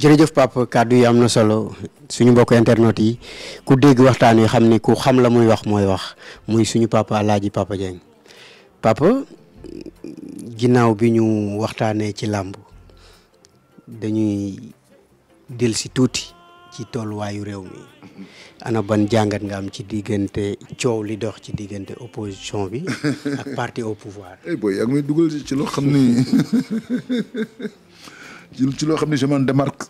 jerejeuf pap kaddu yi amna na solo suñu mbokk internet yi ku deg waxtaan yi xamni ku xam la muy wax moy wax muy suñu papa alaji Papa jeng papa ginaaw biñu waxtane ci lamb dañuy del ci tuuti ci tolluwaayu réew mi ana ban jangat nga am ci diggante opo li dox ci diggante opposition bi ak parti au pouvoir. eh boy ak ngi may ci lo xamni ci lo xamni je man démarque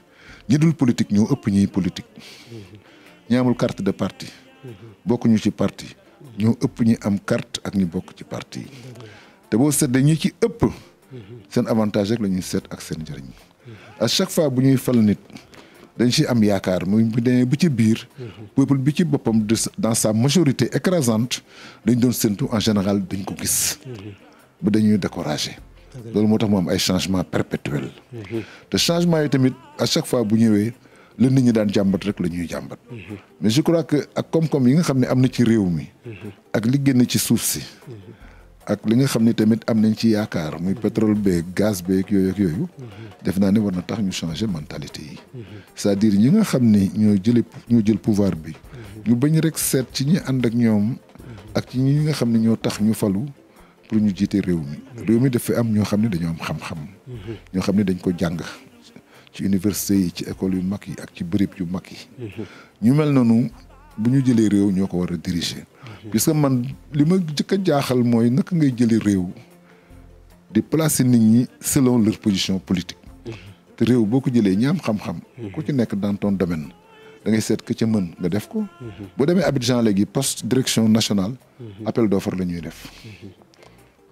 ñi dul politique ñoo ëpp ñuy politique ñaamul amul carte de parti bokkuñu ci parti ñoo ëpp ñu am carte ak ñu bokk ci parti yi te boo seddee ñi ci ëpp seen avantage rek la ñuy seet ak seen njëriñ à chaque fois bu ñuy fal nit dañ ci am yaakaar muy bu bi ci biir peuple bi ci boppam dans sa majorité écrasante dañu doon séntu en général dañ ko gis ba dañuy découragé loolu moo tax mu am ay changement perpétuel mhm. te changement yi tamit à chaque fois bu ñëwee la nit ñi daan jàmbat rek la ñuy jàmbat mhm. mais je crois que ak koom-koom yi nga xam ne am na ci réew mi mhm. ak li génn ci suuf si ak li nga xam ni tamit am nañ ci yaakaar muy pétrole beeg gaz beeg yooyu yooyu def naa ne war na tax ñu changer mentalité yi cest à ñi nga xam ni ñoo jële ñoo jël pouvoir bi ñu bañ rek seet ci ñi ànd ak ñoom ak ci ñi nga xam ne ñoo tax ñu falu pour ñu jiite réew mi mm-hmm. réew mi dafa am ñoo xam ne dañoo am xam-xam mm-hmm. ñoo xam ne dañ ko jàng ci université yi ci école yu mag yi ak ci bërib yu mag yi mm-hmm. ñu mel noonu bu ñu jëlee réew ñoo ko war a diriger puisque man li ma jëkk a jaaxal mooy naka ngay jëlee réew di placer nit ñi selon leur position politique te réew boo ko jëlee ñi am xam-xam ku ci nekk dans ton domaine da ngay seet ka ca mën nga def ko boo demee Abidjan léegi poste direction nationale appel d'offre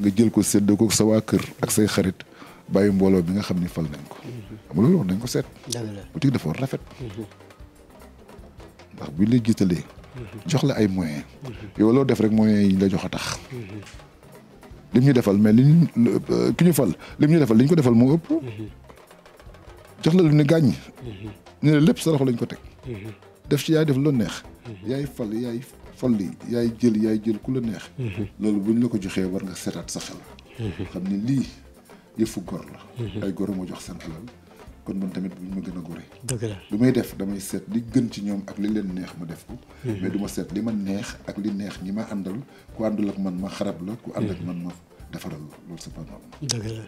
nga jël ko sedd ko sa waa kër ak say xarit bàyyi mbooloo bi nga xam ni fal nañ ko xam mhm. nga loolu nañ ko seet boutique dafa war rafet mhm. ndax buñ la jiitalee mhm. jox la ay moyens yow loo def rek moyens yi ñu jox a tax lim ñu defal mais liñ euh, ki ñu fal lim ñu defal liñ ko defal mu ëpp jox la lu ne gàññ ñu lépp sa lañ ko teg def ci yaay def lu neex yaay fal yaay Folli, ya yaay jël yaay jël ku la neex mhm. loolu buñ la ko joxee war nga seetaat sa xel mhm. xam ni lii yëfu gor la mhm. ay goro mo jox seen alal kon man tamit buñ ma gën gore la may def damay li gën ci ak li leen neex def ko mais du li ma neex ak li neex ñi ma andal ku àndul ak man ma xarab la ku andal ak man ma defaral la loolu c'est pas la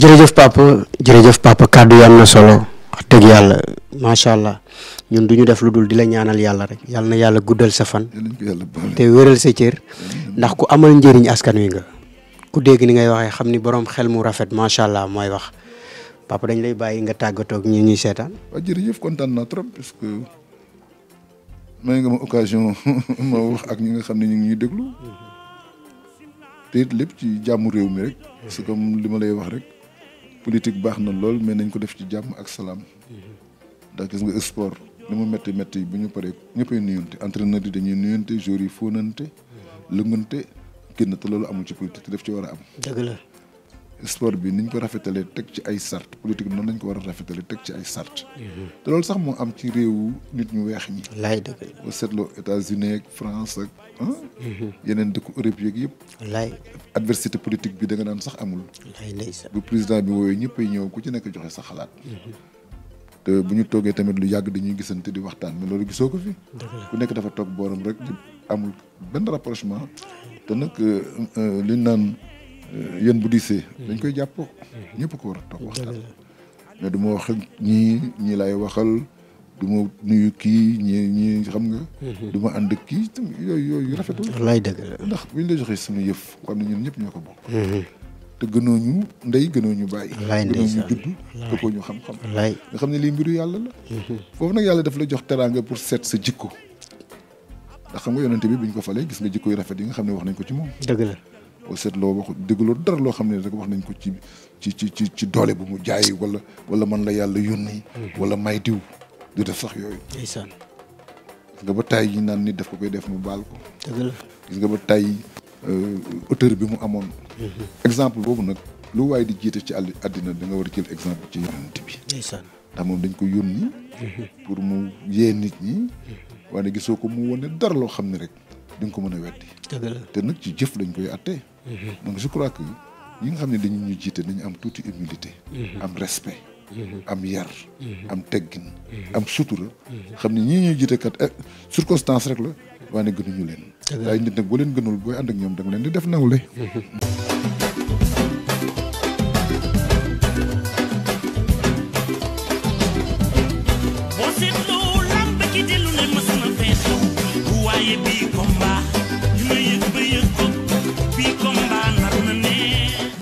jërëjëf papa jërëjëf papa kàddu yi na solo wax dëgg allah ñun duñu def luddul di la ñaanal yalla rek yalla na yalla guddal sa fan te wëral sa cër ndax ku amal njëriñ askan wi nga ku dégg ni ngay waxee xamni borom xel mu rafet ma sha allah moy wax papa dañ lay bayyi nga tagato ak ñi ñi sétan wa jëri jërëjëf kontaan na trop parce que may nga ma occasion ma wax ak ñi nga xamni ñi ñu ngi ñuy déglu te ci jammu réew mi rek parce que comme li lay wax rek politique baxna lool mais nañ ko def ci jamm ak salam da gis nga sport li mu métti bu ñu paree ñëppay nuyonte entraîneur yi dañuy nuyonte joueurs yi fóonante lëngante génn te loolu amul ci politique te def ci war a am. dëgg la. sport bi niñ ko rafetalee teg ci ay sart politique noonu lañ ko war a rafetalee teg ci ay sart. Mhm. te sax moo am ci réewu nit ñu weex ñi. laay dëgg la boo seetloo États-Unis ak France ak. Ah, mhm. yeneen dëkku Europe yeeg yëpp. laay adversité politique bi da nga naan sax amul. laay lay sax bu président bi woowee ñëppay ñëw ku ci nekk joxe sa xalaat. Mhm. bu ñu toogee tamit lu yàgg dañuy gisante di waxtaan mais loolu gisoo ko fi. ku nekk dafa toog booram rek amul benn rapprochement te nag euh, euh, li naan euh, yéen bu diisee. dañ koy jàpp ñëpp ko war a toog waxtaan. mais du ma wax ñii ñii laay waxal. du ma nuyu kii ñi ñi xam nga. Mhm. du ma ànd kii yooyu yooyu rafetul. wallaay dëgg la ndax bu ñu la joxee suñu yëf xam ne ñun ñëpp ñoo ko bokk. Mhm. te gënoo ñu ndey gënoo ñu bàyyi. laay gënoo ñu judd te ko ñu xam-xam. laay nga xam ne lii mbiru yàlla la. Mhm. foofu nag yàlla daf la jox teraanga pour seet sa jikko. ndax xam nga yonente bi buñ ko falee gis nga jikko yu rafet yi nga xam ne wax nañ ko ci moom. dëgg la boo seetloo wax dara loo xam ne rek wax nañ ko ci ci ci ci doole bu mu jaay wala wala man la yàlla yónni. Mhm. wala may diw du def sax yooyu. ndeysaan. gis nga ba tay yi naan nit daf ko koy def mu baal ko. gis nga ba tay Euh, auteur bi mu amoon. exemple boobu nag lu waaye di jiite ci àll àddina da nga war a jël exemple ci yonent bi. ndax moom dañ ko yónni. pour mu yee nit ñi. waaye gisoo ko mu wane dara loo xam ne rek di ko mën a weddi. te nag ci jëf lañ koy àttee. donc je crois que yi nga xam ne dañu ñu jiite dañu am tuuti humilité. am respect. am yar. am teggin. am sutura. xam ne ñii ñuy jiite kat eh, circonstance rek la. waaye nag gënuñu leen. ay nit nag boo leen gënul booy ànd ak ñoom da leen di def nawle